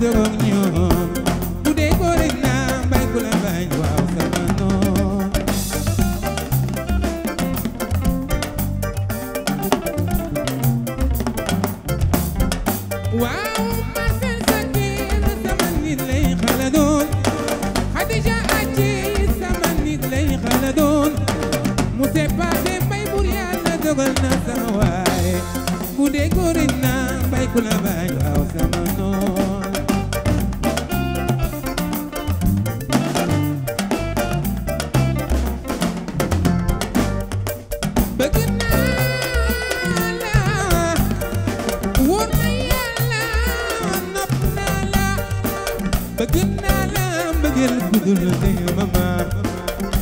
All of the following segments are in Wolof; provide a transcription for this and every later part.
dëggoog ñoom bu dee góor rek naa mbay ku la bañ waaw sama noon waaw ma sama nit lay xala doon Xadija acci sama nit lay xala doon mu seppaate mbay bur yàlla dogal na sama waaye bu dee góor rek naa mbay ku la bañ waaw sama bëgg naa la mbëggeel bu dul te yomama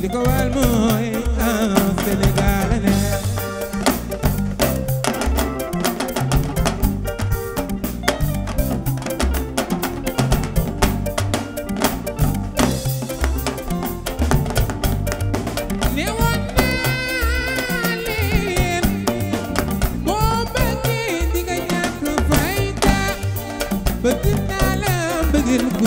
li ko waral mooy ah, Sénégal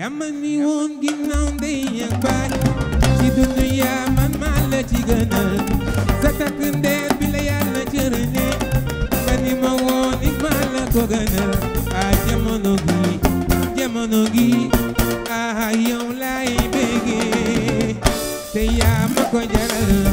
yàmma ni woon ginnaaw ndey ak baay ci dund yaa man maa la sa takk ndeer bi la yàlla cërëne ma ni ma woon it maa la ko gënal a jamono gi jamono gi a yow laay béggee te yaa ma ko jaral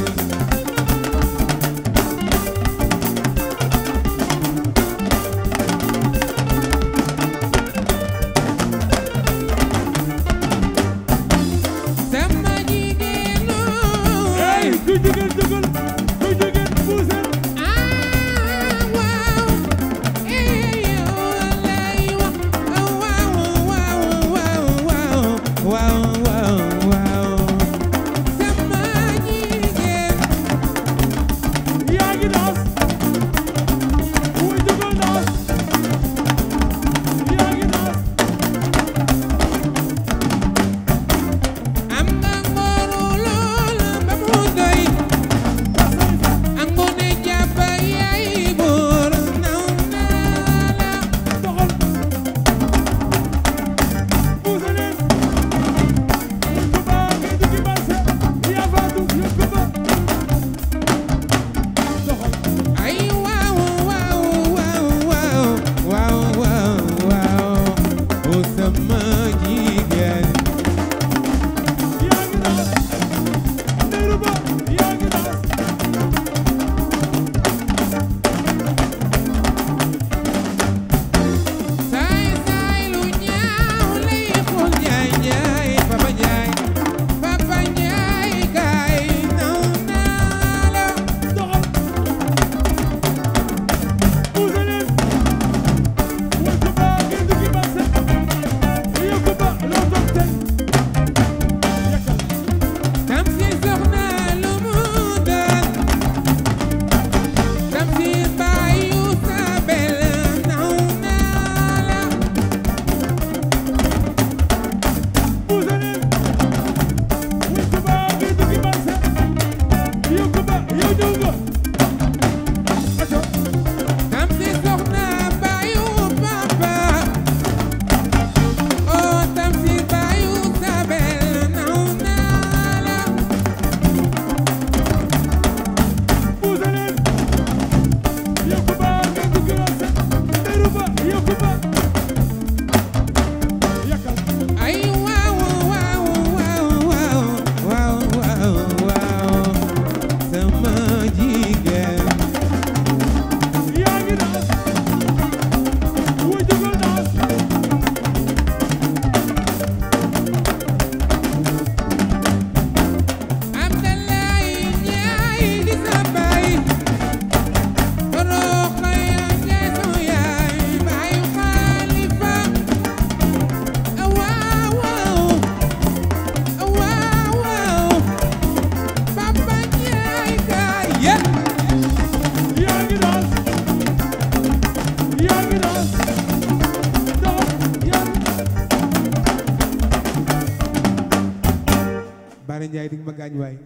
Ndiaye di ma gaañ waay